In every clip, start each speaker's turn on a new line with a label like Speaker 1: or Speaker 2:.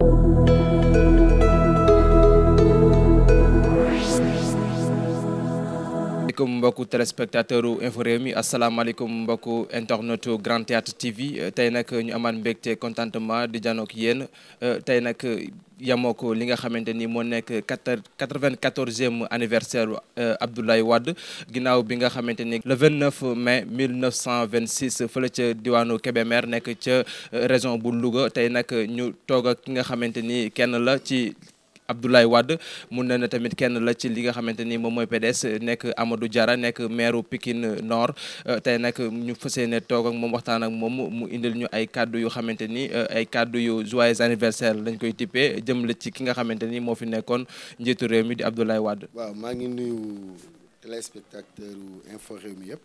Speaker 1: Thank you. asalaamaaleykum mbokku téléspectateur ou informés, réew alaikum beaucoup internautes Grand Théâtre TV tey nag ñu amaat mbégte contentement di janook yéen euh, tey nag Yamoko, ko li nga xamante ni moo nekk quatre anniversaire euh, Abdoulaye Wade ginaaw bi nga xamante ni le 29 mai 1926 fele ci diwanu Kebemer nek ci région bu Louga tay nak ñu toog ak nga xamante ni kenn la ci Abdoulaye Wade mu neena tamit kenn la ci li nga xamanteni mom moy PDS nek Amadou Diarra nek maire Pikine Nord euh, tay nag ñu fas yéene toog ak mom waxtaan ak mom mu indil ñu ay cadeau yu xamanteni euh, ay cadeau yu joyeux anniversaire lañ koy tipé jëm la ci ki nga xamanteni mo fi nekkon njitu réew mi di Abdoulaye Wade. waaw ma ngi
Speaker 2: nuyu téléspectateur ou info réew mi yépp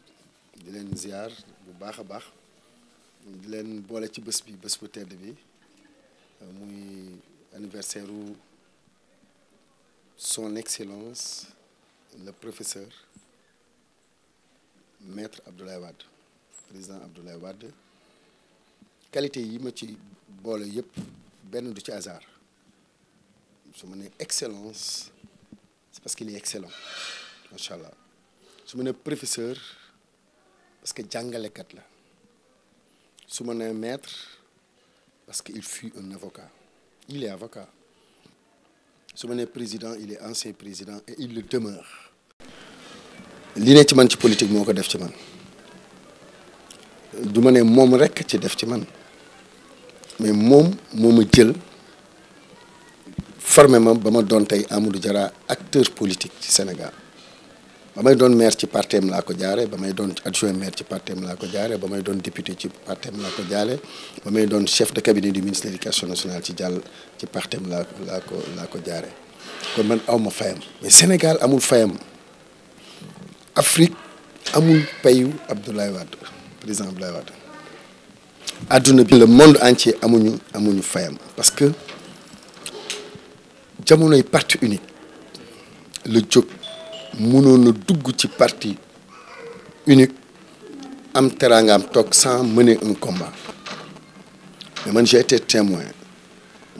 Speaker 2: di leen ziar bu baaxa baax di leen bolé ci bëss bi bëss bu tedd bi euh, muy anniversaire Son Excellence, le professeur Maître Abdoulaye Wade président Abdoulaye Wade qualité yi ma ci boole yëpp benn du hasard excellence c'est parce qu'il est excellent Inch'Allah. Je me professeur parce que est la Je suis maître parce qu'il fut un avocat il est avocat. Ce ma président il est ancien président et il le demeure. li man ci politique moo ko def ci man du ma ne moom rek ci def ci man mais mon, mon ma jël formé ma ba ma Amadou acteur politique ci Sénégal bamay may maire ci partem l'a ko jaare ba may adjoint maire ci partem l'a ko jaare ba may député ci partem l'a ko jaare ba chef de cabinet du ministre de l'éducation nationale ci dial ci partem l'a laa ko laa ko jaare kon man awma fayam mais Sénégal amul fayam Afrique amul payu Abdoulaye Wade président Abdoulaye Wade aduna bi le monde entier amuñu amuñu fayam parce que est parti unique Le job. mënoon a dugg ci partie unique am teraangaam toog sans mener un combat mais man j'ai été témoin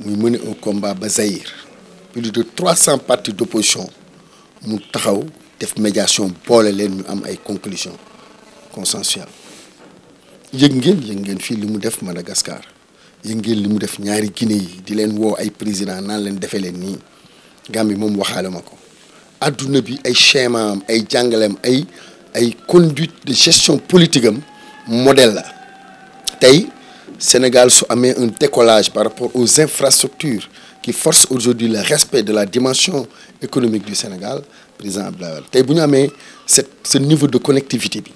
Speaker 2: muy mener un combat ba Zaïre plus de trois cents partis d'opposition mu taxaw def médiation boole leen ñu am ay conclusions consensuelles yëg ngeen yëg ngeen fii li mu def Madagascar yëg ngeen li mu def ñaari Guinée yi di leen woo ay président naan leen defee leen nii Gambie moom waxaale ma ko à bi ay schéma am ay jangalem ay de gestion politique modèle le Sénégal a un décollage par rapport aux infrastructures qui forcent aujourd'hui le respect de la dimension économique du Sénégal président Abdoulaye tay ce niveau de connectivité bi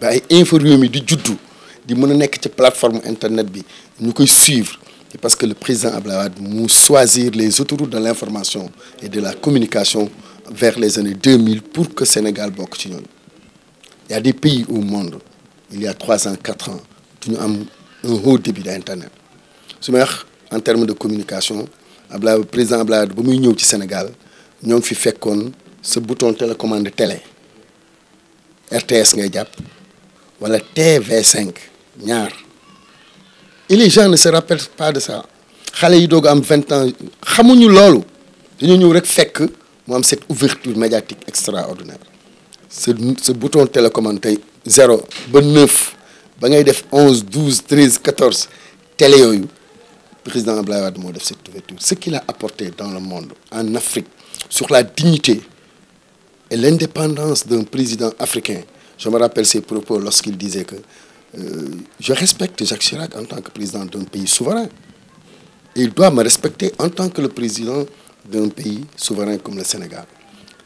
Speaker 2: ba ay niveau di plateforme internet bi ñukoy suivre parce que le président Ablawad nous choisir les autoroutes de l'information et de la communication vers les années 2000 pour que le Sénégal soit il y a des pays au monde il y a 3 ans 4 ans qui ont un haut débit d'internet en termes de communication le président quand il est venu au Sénégal a fait fi ce ce bouton télécommande télé RTS ngay voilà TV5 ñaar et les gens ne se rappellent pas de ça Ils yi doog am 20 ans Ils ils dañoo ñëw rek fekk. Moi, cette ouverture médiatique extraordinaire ce bouton télécommande 0 zéro 11, 12, 13, 14, président Ablaïwad a cette ouverture ce qu'il a apporté dans le monde en Afrique sur la dignité et l'indépendance d'un président africain je me rappelle ses propos lorsqu'il disait que euh, je respecte Jacques Chirac en tant que président d'un pays souverain il doit me respecter en tant que le président d'un pays souverain comme le Sénégal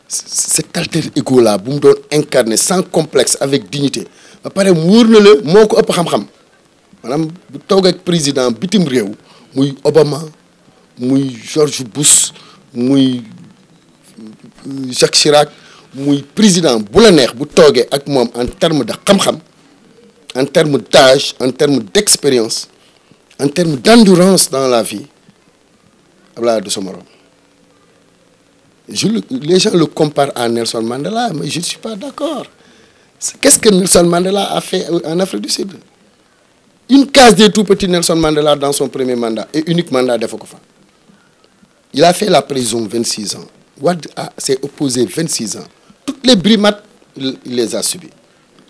Speaker 2: cet alter ego là incarné sans complexe avec dignité Madame le président Obama George Bush euh, Jacques Chirac président bu en terme de en terme d'âge en termes d'expérience en termes d'endurance dans la vie Abdoulaye de les gens le comparent à Nelson Mandela, mais je ne suis pas d'accord. Qu'est-ce que Nelson Mandela a fait en Afrique du Sud Une case de tout petit Nelson Mandela dans son premier mandat et unique mandat de Il a fait la prison 26 ans. Wad s'est opposé 26 ans. Toutes les brimades, il les a subies.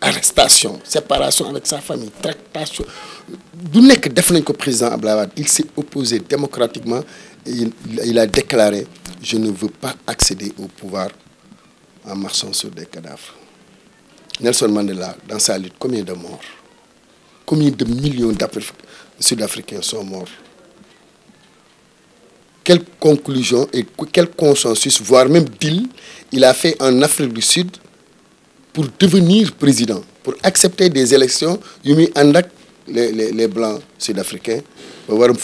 Speaker 2: Arrestation, séparation avec sa famille, tractation. D'où n'est que président Ablawad. il s'est opposé démocratiquement il, a déclaré Je ne veux pas accéder au pouvoir en marchant sur des cadavres. Nelson Mandela, dans sa lutte, combien de morts Combien de millions de Sud-Africains sont morts Quelle conclusion et quel consensus, voire même deal, il a fait en Afrique du Sud pour devenir président, pour accepter des élections, Yumi Andak, les, les, les Blancs sud-africains, Leclerc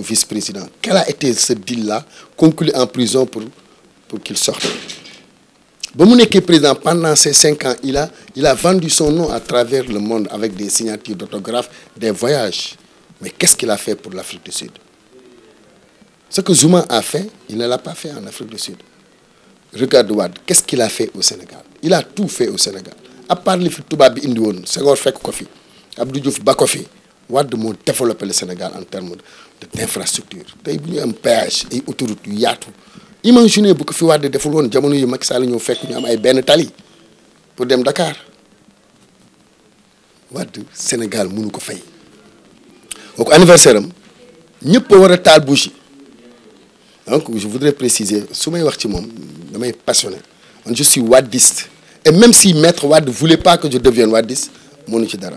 Speaker 2: vice président quel a été ce deal là conclu en prison pour pour qu'il sorte Si président pendant ces cinq ans il a il a vendu son nom à travers le monde avec des signatures d'autographes des voyages mais qu'est-ce qu'il a fait pour l'Afrique du Sud ce que Zuma a fait il ne l'a pas fait en Afrique du Sud regarde Wad, qu'est-ce qu'il a fait au Sénégal il a tout fait au Sénégal à part les fi tubaab c'est indi fait Abdou Diouf Bakofi, Wad mo développé le Sénégal en termes de d'infrastructure Tay buñu am péage et autoroute yu yaatu si bu ko fi Wade deful won jamono yu Macky Sall ñëw fekk ñu am ay benn tali pour dem Dakar Wad Sénégal mënu ko fay Donc, anniversaire am ñëpp a war bougie donc je voudrais préciser su may wax ci moom damay passionné je suis wadiste et même si maître ne voulait pas que je devienne wadiste mënu ci dara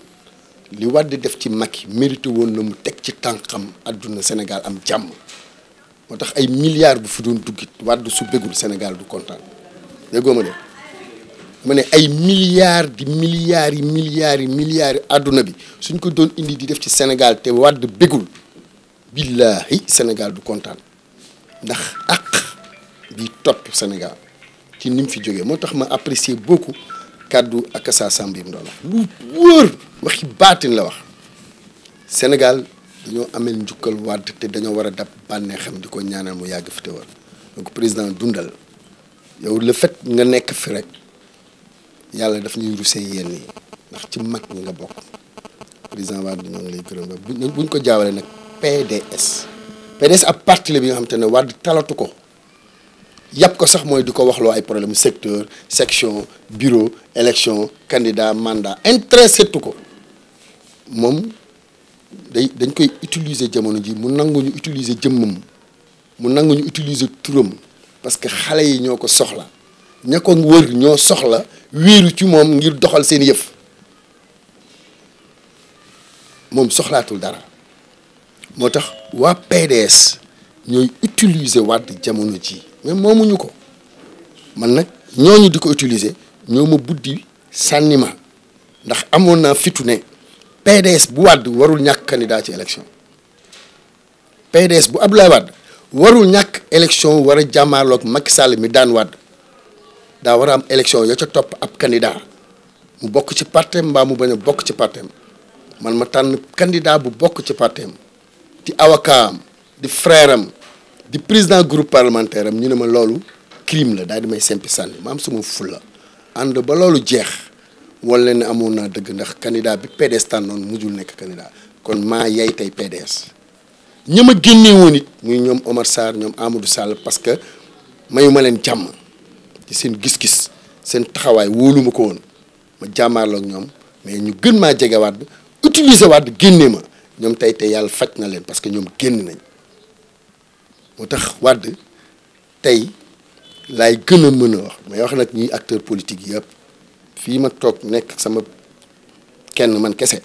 Speaker 2: li Wade def ci Macky na ci temps. aduna Sénégal am jam, milliards bu su Sénégal du content. ay milliards di milliards pour milliards yi milliards bi suñ ko indi di def ci Sénégal Sénégal du ndax ak Sénégal beaucoup kàddu ak Assa Samb yi wax
Speaker 1: lu wóor
Speaker 2: waxi baatin la wax Sénégal dañoo amel njukkal wàdd te dañoo war a dab bànnee xam di ko ñaanal mu yàgg fi te war donc président dundal yow le fait nga nekk fi rek yàlla daf ñuy rusee yenn yi ndax ci mag ñi nga bokk président Wade ñoo ngi lay gërëm ba buñ ko jaawale nag PDS PDS ab partile bi nga xam te ne Wade talatu ko Il ko sax moy problèmes problème secteur section bureau élection candidat mandat intéressé tout ko mom koy utiliser jamono ji mu utiliser mu utiliser parce que xalé yi ñoko soxla ña ñoo soxla ci mom ngir doxal seen yëf pas dara PDS utiliser mais moomuñu ko man nag ñooñu di ko utiliser ñoo ma buddi sànni ma ndax amoon naa fitu ne PDS bu Wade warul ñàkk candidat ci élection PDS bu Abdoulaye Wade warul ñàkk élection war a jàmmaarloog Macky Sall mi daan Wade daa war a am élection yoo ca topp ab candidat mu bokk ci partem mbaa mu bañ a bokk ci partem man ma tànn candidat bu bokk ci partem di avocat am di frère di président groupe parlementaire ñu néma lolu crime la daal di may simple sanni ma am ful la and ba lolu jeex wala leen amona deug ndax candidat bi PDS tànnoon mujul nek candidat kon ma yay tay PDS ñama ma génnee nit muy ñom Omar Sar ñom Amadou Sall parce que mayuma leen jàmm ci seen gis-gis seen taxaway woluma ma ko won ma lok ñom mais ñu gën ma jégué wad utiliser wad génnee ma ñom tay tay yalla fajj na leen parce que ñom nañ motax wad, tay lay gëna mëna wax may wax nak ñi acteur politique yëpp fi ma tok nek sama kenn man kese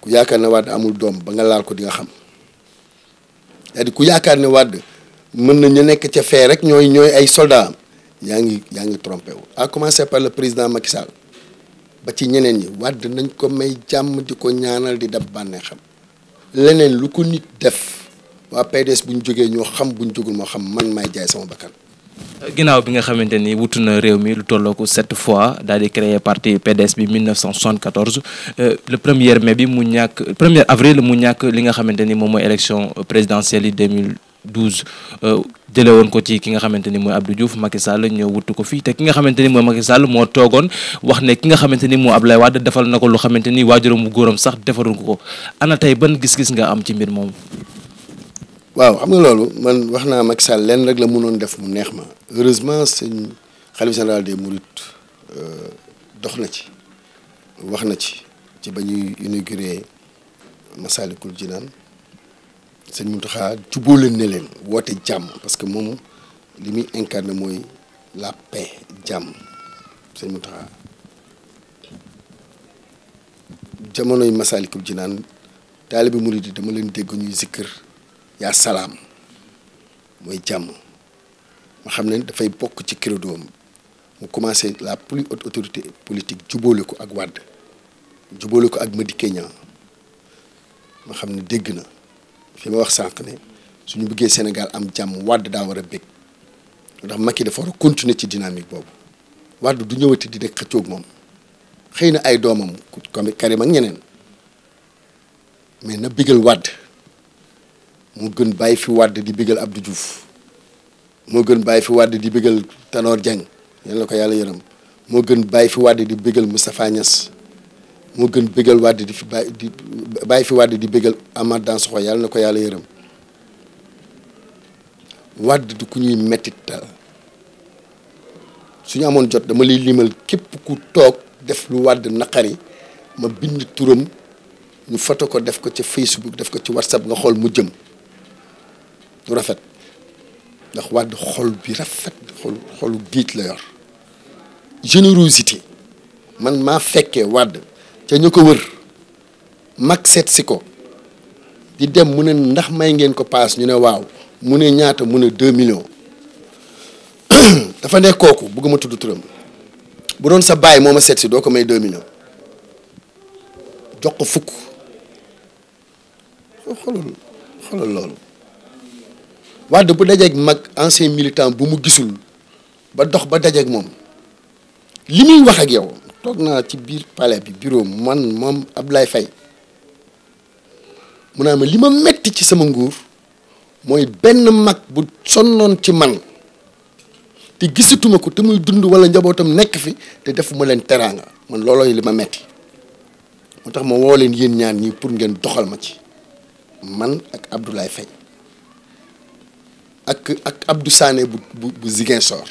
Speaker 2: ku yaakaar wad wad amul dom ba nga laal ko di nga xam cest ku yaakaar na wad mën na ñu nekk ca fee rek ñooy ñooy ay soldat am yaa ngi yaa ngi trompé wu à commencer par le président Macky Sall ba ci ñeneen ñi nañ ko may jàmm di ko ñaanal di dab bànnee leneen lu ko nit def waa PDS bu ñu jógee ñoo xam bu ñu moo xam man maay jaay sama bakkan.
Speaker 1: ginnaaw bi nga xamante ni wutu na réew mi lu tolloo ko sept fois daal di créer parti PDS bi 1974 euh, le premier mai bi mu ñàkk premier avril mu ñàkk li nga xamante ni moom mooy élection présidentielle yi 2012 euh, jëlee woon ko ci ki nga xamante ni mooy Abdou Diouf Macky Sall ñëw wutu ko fii te ki nga xamante ni mooy Macky Sall moo toogoon wax ne ki nga xamante ni moo Abdoulaye Wade defal na ko lu xamante ni waajuram bu góoram sax defaru ko ana tey ban gis-gis nga am ci mbir moomu.
Speaker 2: waaw xam nga loolu man wax naa mag Sall leen rek la mënoon def mu neex ma heureusement sëñ xalifa général des Mourides euh, dox na ci wax na ci ci ba ñuy inauguré Massalikul Jinaan sëñ Mountakha jubóo leen ne leen woote jàmm parce que moom li muy incarné mooy la paix jàmm sëñ Mountakha jamonoy Massalikul Jinaan taalibe Mouride dama leen dégg ñuy zikkër yaa salaam mooy jàmm ma xam ne dafay bokk ci credo am mu commencé la plus haute autorité politique jubóole ko ak wàdd jubóole ko ak Madické Niang ma xam ne dégg na fi ma wax sànq ne suñu buggee Sénégal am jàmm wàdd daa war a bég ndax Macky dafa war a continuer ci dynamique boobu Wade du ñëwati di nekk xëccoog moom xëy na ay doomam comme Karim ak ñeneen mais na bégal wàdd mu gën bàyyi fi wàdd di bégal Abdou Diouf moo gën bàyyi fi wàdd di bégal Tanor Dieng yal na ko yàlla yërëm moo gën bàyyi fi wàdd di bégal Moustapha Niass moo gën bégal wàdd di fi bàyyi di bàyyi fi wàdd yàlla na ko yàlla yërëm wadd du ku ñuy mettital su ñu amoon jot dama lay limal képp ku toog def lu wàdd naqari ma bind turam ñu foto ko def ko ci Facebook def ko ci WhatsApp nga xool mu jëm lu rafet ndax wàdd xol bi rafet xol xolu giit la yor générosité man maa fekkee wàdd ca ñu ko wër mag seet si ko di dem mu ne ndax may ngeen ko paas ñu ne waaw mu ne ñaata mu ne deux millions dafa nekk kooku bëgguma tudd turam bu doon sa baay moom ma seet si doo ko may deux millions jox ko fukk xoolal xoolal loolu wàdd bu ak mag ancien militant bu mu gisul ba dox ba dajeeg ak mom limi wax ak yow tok na ci bir palais bi bureau man mom Ablaye Fay, muna ma lima metti ci sama nguur moy ben mag bu sonnon ci man te gisatuma ko te muy dund wala njabotam nek fi te defuma len teranga man loloy lima metti motax ma woo leen ñaan ñi pour ngeen doxal ma ci man ak Abdoulaye fay ak ak Abdou Sané bu bu bu Ziguinchor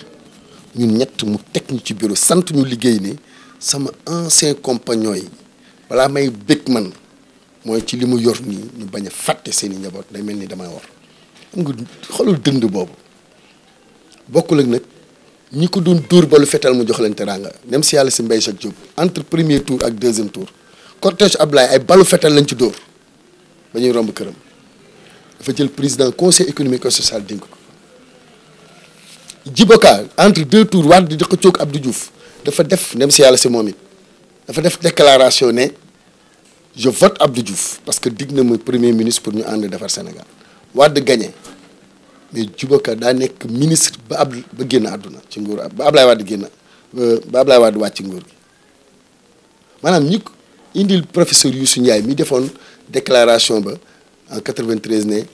Speaker 2: ñu ñett mu teg ñu ci bureau sant ñu liggéey ni sama ancien compagnon yi balaa may bëgg man mooy ci li mu yor nii ñu bañ a fàtte seen i njaboot day mel ni damay wax xam nga xoolal dënd boobu bokkul ak nag ñi ko doon dóor ba lu fetal mu jox leen teraanga dem si yàlla si Mbaye Jacques Diop entre tour ak deuxième tour cortège Ablaye ay balu fetal lañ ci dóor ba romb këram. dafa jël président conseil économique et social dénk ko entre deux tours Wade di xëccoog Abdou Diouf dafa def nem si yàlla si moom it dafa def déclaration ne je vote Abdou Diouf parce que digg na premier ministre pour ñu ànd defar Sénégal de gagner. mais Djibo Ka daa ministre ba ab ba génn àdduna ci nguur ba Ablaye Wade génn euh, ba Ablaye Wade ci nguur gi maanaam indil professeur Youssou Ndiaye mi defoon déclaration ba en 93 né,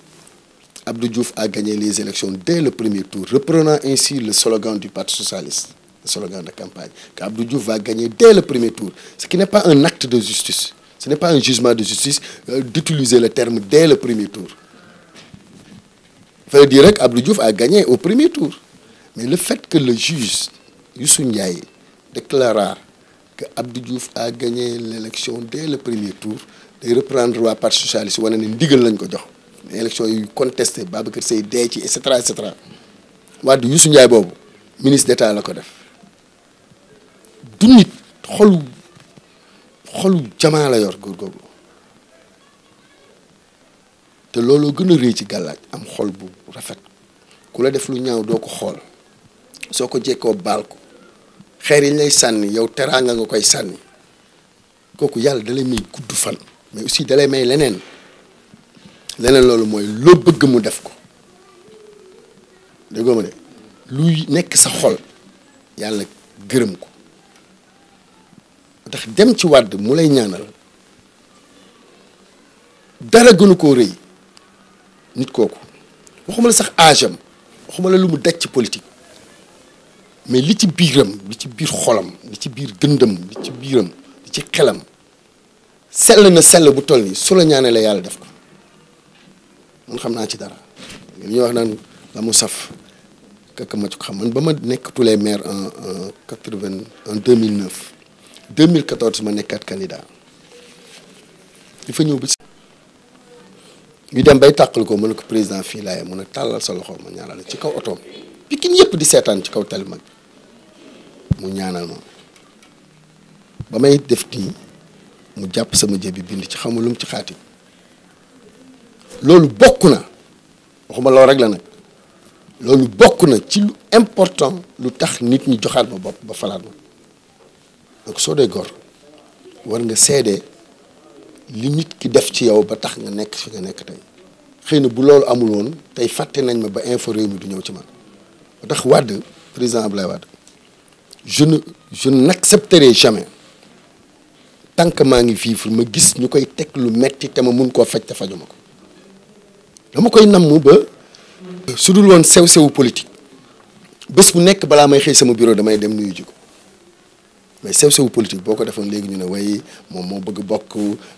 Speaker 2: Abdou Diouf a gagné les élections dès le premier tour, reprenant ainsi le slogan du Parti Socialiste, le slogan de campagne, qu'Abdou Diouf va gagner dès le premier tour, ce qui n'est pas un acte de justice, ce n'est pas un jugement de justice euh, d'utiliser le terme dès le premier tour. Il faudrait dire qu'Abdou Diouf a gagné au premier tour. Mais le fait que le juge Youssou Ndiaye déclara que Diouf a gagné l'élection dès le premier tour, day reprendre waa parti socialiste wane ne ndigal lañ ko jox élection yu contesté Babacar Seye dee ci et cetera et cetera Wade Youssou boobu ministre d'état la ko def du nit xolu xolu jamaa la yor góor googu te looloo gën a rëy ci gàllaaj am xol bu rafet ku la def lu ñaaw doo ko xool soo ko jekkoo baal ko xeer yi lay sànni yow teraanga nga koy sànni kooku yàlla da lay may gudd fan mais aussi dalay may leneen leneen loolu mooy loo bëgg mu def ko déggoo ma de luy nekk sa xol yàlla gërëm ko ndax dem ci wàdd mu lay ñaanal dara gënu koo rëy nit kooku waxuma la sax âge am waxuma la lu mu daj ci politique mais li ci biiram li ci biir xolam li ci biir gëndam li ci biiram li ci xelam sell na sell bu toll nii su la ñaanalee yàlla def ko man xam naa ci dara li ñuy wax naan la mu saf kaka ma ci ko xam man ba ma nekk maire les maires en en quatre vingt en deux mille neuf deux mille quatorze ma nekkaat candidat di fa ñëw ba ñu dem bay tàqal ko mën ko président fii laay mun a tàllal sa loxo ma ñaanal ci kaw otoom Pikine yëpp di seetaan ci kaw tali mag mu ñaanal ma ba may def nii. mu japp sama jébbi bind ci xamul lu ci xati lolou bokk na waxuma loolu rek la nag loolu bokk na ci lu important lu tax nit ñi joxaat ba bop ba falat ma donc so dee gor war nga seede li nit ki def ci yow ba tax nga nek fi nga nek tey xeyna bu lolou amul won tay fàtte nañ ma ba info réew mi du ñew ci man ba tax Wade président Abdoulaye wad je ne je n'accepterai jamais tant que maa ngi vivre ma gis ñu koy teg lu metti te ma mun koo faj te ma ko dama koy namm ba su dul woon sew sewu politique bés bu nekk balaa may xëy sama biro damay dem nuyu ji ko mais sew sewu politique boo ko defoon léegi ñu ne waaye moom moo bëgg bokk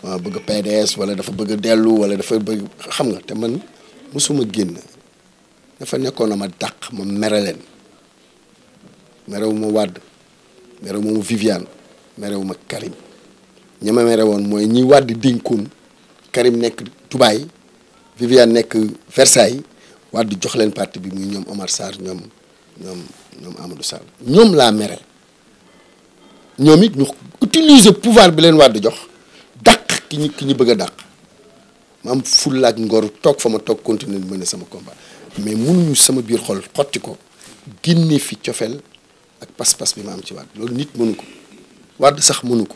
Speaker 2: ah, bëgg PDS wala dafa bëgg dellu wala dafa bëgg xam nga te man mosuma génn dafa nekkoon a ma dàq ma mere leen merewu wàdd Wade mu ma Viviane merewu Karim ñi ma mere woon ñi wàdd dinkun Karim nekk Dubaï Viviane nekk Versailles wàdd jox leen parti bi Omar Sarr ñoom ñoom ñoom Amadou sar ñoom laa ñoom it ñu utiliser pouvoir bi leen wàdd jox dàq ki ñu ki ñu bëgg a ma am ngor toog fa ma toog continuer sama combat mais sama biir xol xotti ko fi ak pas-pas bi ma am ci nit mënu ko sax mënu ko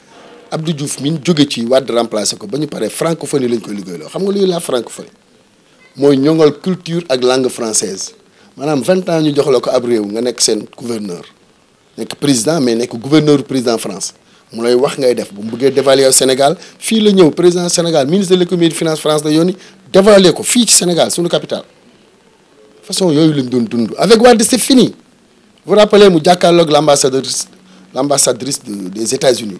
Speaker 2: Abdou Diouf min jóge ci wad remplacer ko bañu paré francophonie lañ koy liggéeyloo xam nga luy la francophonie moy ñongal culture ak langue française manam 20 ans ñu jox ko ab réew nga nek sen gouverneur nek président mais nek gouverneur président France mu lay wax ngay def bu mu bëggee dévaluer Sénégal fi la ñëw président Sénégal ministre de l'économie et des finances France la yoni dévaluer ko fi ci Sénégal suñu capital façon yooyu lañ doon dund avec Wade c'est fini vous rappelez mu jàkkaarloog l'ambassadrice l'ambassadrice des États-Unis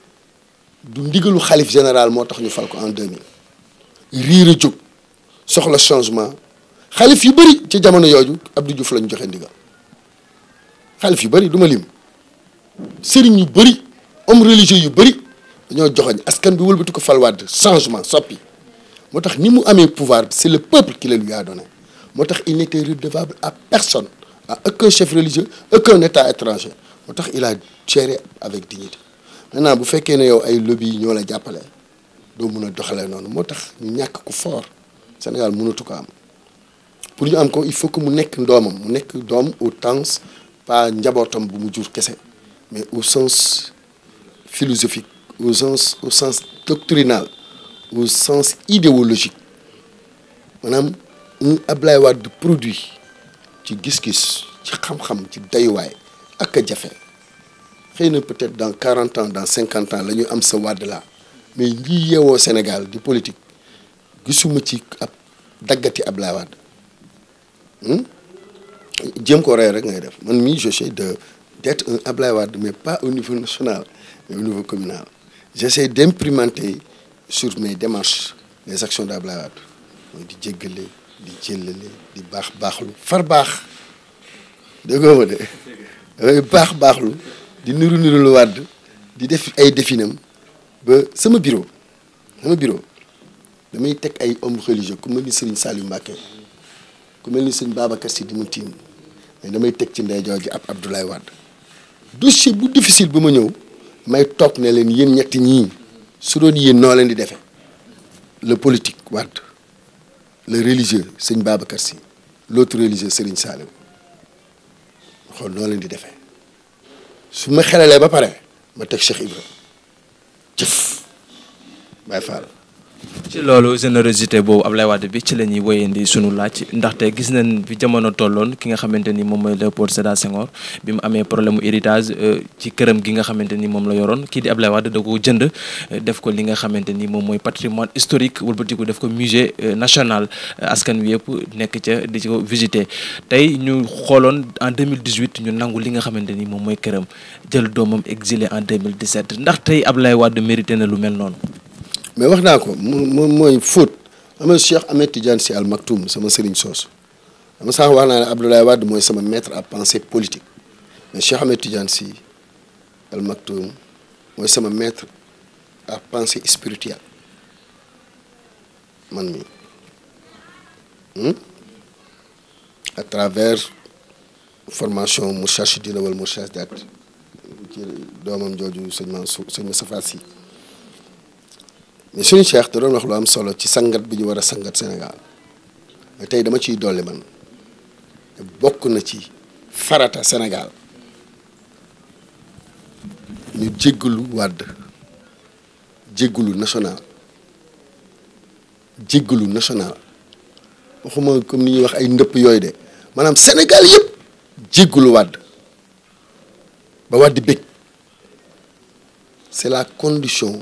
Speaker 2: du ndigalu xalif général moo ñu fal ko en 2000 riir a jóg soxla changement Khalif yu bëri ci jamono yooyu Abdou Diouf lañu joxe Khalif xalif yu bëri du ma lim sëriñ yu bëri homme religieux yu bëri dañoo joxoñ askan bi wëlbati ko falwaat changement sopi. moo tax ni mu amee pouvoir c'est le peuple qui le lui a donné moo il n'était redevable à personne à aucun chef religieux aucun état étranger moo il a géré avec dignité maintenant bu fekkee ne yow ay lobby ñola jappalé do mëna doxalé mun motax doxalee noonu ñu ñàkk ku fort Sénégal mënatu ko am pour ñu am ko il faut que mu nekk doomam mu nekk doom au temps pas njabotam bu mu jur kese mais au sens philosophique au sens au sens doctrinal au sens idéologique manam un Ablaye wad produit ci gis-gis ci xam-xam ci dayuwaay ak jafé peut-être dans 40 ans dans 50 ans la ñu am là Mais ce mais ñi au Sénégal du politique gisuma ci ab daggati Ablaye Wade hmm? ko ngay def man j'essaie d'être un Ablawad, mais pas au niveau national mais au niveau communal j'essaie d'imprimer sur mes démarches les actions d'Ablawad. Je suis di jéggale di jëllale di baax un far de baax di nuru nuru lu wàdd di def ay définam ba sama bureau sama bureau damay tek ay hommes religieux comme mel ni Serigne salim Mbacké comme ni Serigne Babacar Sy di mais damay tek ci ndey gi ab Abdoulaye wad dossier bu difficile bu ñew may top ne len yeen ñetti ñi su doon yeen no len di defee le politique wad le religieux Serigne Babacar Sy l'autre religieux Serigne salim xol no len di defee su ma xelalee ba pare ma teg Cheikh Ibra jëf Baye Fall
Speaker 1: ci loolu générosité boobu ab lay Wade bi ci la ñuy ndi suñu laaj ndaxte gis na bi jamono tolloon ki nga xamante ni moom mooy Léopold Sédar Senghor bi mu amee problème mu euh, ci këram gi nga xamante ni moom la yoroon kii di Ablaye Wade da jënd euh, def ko li nga xamante ni moom mooy patrimoine historique wëlbatiku def ko musée euh, national askan wi yëpp nekk ca di ko visiter tey ñu xooloon en 2018 ñu nangu li nga xamante ni moom mooy këram jël doomam exilé en 2017 ndax ab lay Wade mérité na lu mel noonu.
Speaker 2: mais wax naa ko moom mooy fóot ama Cheikh Ahmed Tidiane Sy Al Maktoum sama sëriñ soosu ama sax wax naa ne Abdoulaye Wade mooy sama maître à penser politique mais Cheikh Ahmed Tidiane Sy Al Maktoum mooy sama maître à penser spirituel man mi hmm? à travers formation mu cherche dina wal mu cherche daat ci doomam jooju sëñ Mansour sëñ Moustapha Sy mais suñu Cheikh da doon wax lu am solo ci sangat bi ñu war a sangat Sénégal tey dama ciy dolli man bokk na ci farata Sénégal ñu jéggalu wàdd jéggalu national jéggalu national waxuma comme ni ñuy wax ay ndëpp yooyu de maanaam Sénégal yëpp jéggalu wàdd ba wàdd bég c'est la condition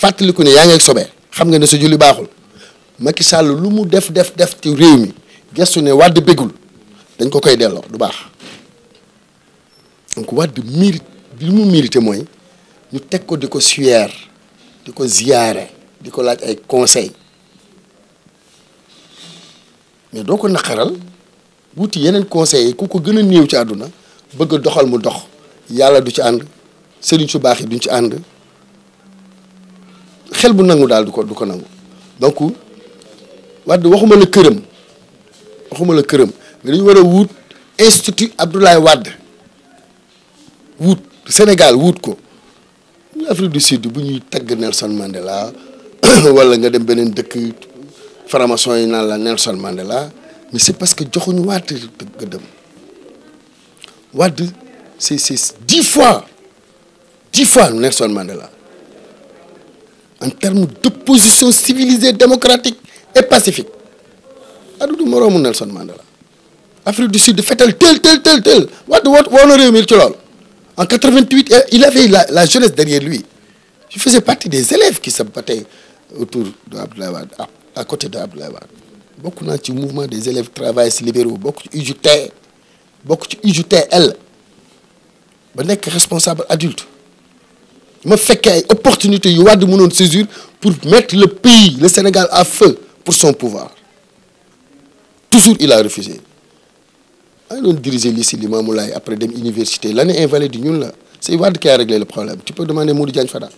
Speaker 2: fàttaliku ne yaa ngi ak xam nga ne sa julli baaxul Macky sàll lu mu def def def ci réew mi gestu ne wàdd bëggul dañ ko koy delloo du baax donc Wade mérite li mu mérite mooy ñu teg ko di ko suyeer di ko ziyaare di ko laaj ay conseil mais doo ko naqaral wuti yeneen conseils yi ku ko gën a néew ci àdduna bëgg doxal mu dox yàlla du ci ànd sëriñ su baax yi duñ ci ànd xel bu nangu daal du ko du ko nangu donc Wade waxuma la këram waxuma la këram mais dañu war a wuut institut Abdoulaye Wade wuut Sénégal wuut ko Afrique du Sud bu ñuy tagg Nelson Mandela wala nga dem beneen dëkk franc yi naan la Nelson Mandela mais c'est parce que joxuñu Wade gëddëm Wade c'est c'est dix fois dix fois Nelson Mandela en termes d'opposition civilisée, démocratique et pacifique. Adoudou Nelson Mandela. Afrique du Sud, fait-elle tel, tel, tel, tel. What, what, what, what, En 88, eh, il avait la, jeunesse derrière lui. Je faisais partie des élèves qui se battaient autour de à, à, côté de Beaucoup dans le mouvement des élèves travaillistes libéraux, beaucoup UJT, beaucoup UJTL. Je que responsable adulte. Il ma fait ay y yu pour mettre le pays le Sénégal à feu pour son pouvoir toujours il a refusé On diriger après l'université. l'année invalide ñun là, c'est Iwad qui a réglé le problème tu peux demander Modou Fada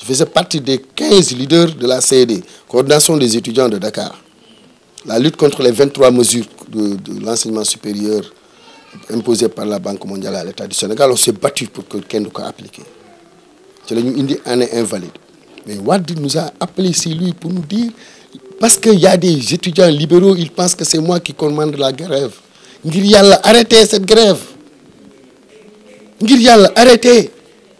Speaker 2: je faisais partie des 15 leaders de la CED coordination des étudiants de Dakar la lutte contre les 23 mesures de l'enseignement supérieur imposées par la Banque mondiale à l'État du Sénégal on s'est battu pour que quelqu'un nous applique. appliquer ci la indi année invalide mais Wad nous a appelé chez lui pour nous dire parce que y a des étudiants libéraux ils pensent que c'est moi qui commande la grève ngir Yalla, arrêtez cette grève ngir Yalla, arrêtez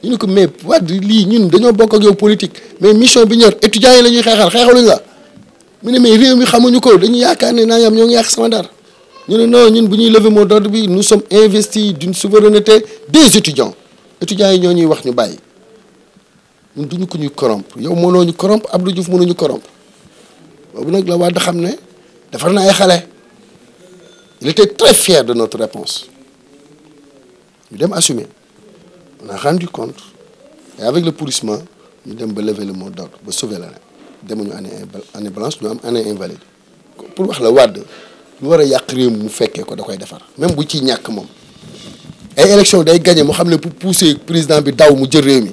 Speaker 2: ñu nous ko mais Wad lii ñun dañoo bokk ak yow politique mais mission bi ñor étudiants yi la ñuy xeexal xeexaluñ la mais réew mi xamuñu ko dañu yaakaar ne naa ñoom ñoo ngi sama ñu non ñun bu ñuy lever nous sommes investis d'une souveraineté des étudiants étudiants ils ñoo ñuy wax ñu ñun duñu ko ñuy corrompre yow mënoo ñu corrompre Abdou Diouf mënoo ñu corrompre boobu nag la Wade xam ne defar na ay xale il était très fier de notre réponse ñu dem assumer on a rendu compte et avec le pourrissement ñu dem ba lever le mot d'ordre ba sauver l'année demuñu année année blanche ñu am année invalide pour wax la Wade lu war a yàq réew mu fekkee ko da koy defar même bu ciy ñàkk moom ay élection day gagné mu xam pour pousser président bi daw mu jël réew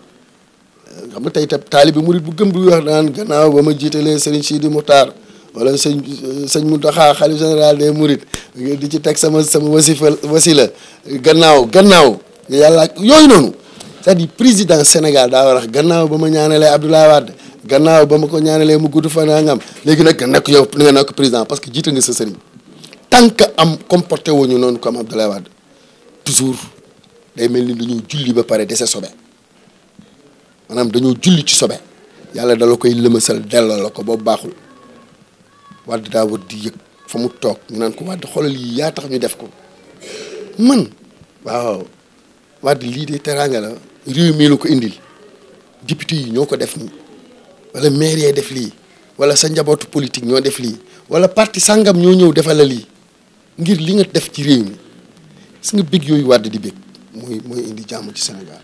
Speaker 2: xam nga tey taalibe murit bu gëm bu wax naan gannaaw ba ma jiitalee sëriñ Sidi Muxtaar wala sëñ sëñ Muntaxa xalif général des murit di ci teg sama sama wasifa wasila gannaaw gannaaw yàlla yooyu noonu cest à président Sénégal daa war a gannaaw ba ma ñaanalee Abdoulaye Wade gannaaw ba ma ko ñaanalee mu gudd fan nga am léegi nag nekk yow nga nekk président parce que jiita nga sa sëriñ tant que am comporté wuñu noonu comme Abdoulaye Wade toujours day mel ni lu ñuy julli ba pare dese sobe maanaam dañoo julli ci sobe yàlla dala koy lëmasal delloo la ko boobu baaxul wadd daa war di yëg fa mu toog ñu naan ko wadd xoolal yi yaa tax ñu def ko man waaw wadd lii de teraanga la réew mii la ko li député yi ñoo ko def nii wala maire yee def lii wala sa njabootu politique ñoo def lii wala parti sàngam ñoo ñëw defal la lii ngir li nga def ci réew mi gis nga bëgg yooyu wadd di bëgg mooy mooy indi jàmm ci Sénégal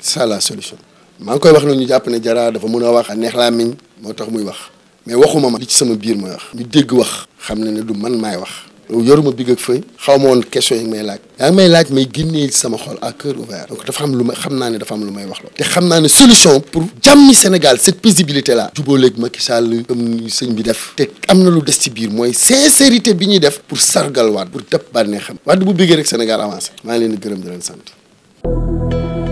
Speaker 2: c'est ça la solution maa koy wax noonu ñu jàpp ne Diarra dafa mëna wax a neex laa miñ moo tax muy wax mais waxuma ma li ci sama biir mooy wax ñu dégg wax xamna ne du man may wax yoruma big ak feuy xaw ma question yi may laaj ya may laaj may génnee sama xol à cœur ouvert donc dafa am lu xamna xam ne dafa am lu may wax lo te xamna naa ne solution pour jàmmi Sénégal cette paisibilité là jubóoleeg Macky Sall comme sëñ bi def te amna lu dess ci biir moy sincérité bi ñi def pour sargal wat pour tepp bànnee xam waat bu bégee rek Sénégal avancer ma ngi leen di gërëm di leen sant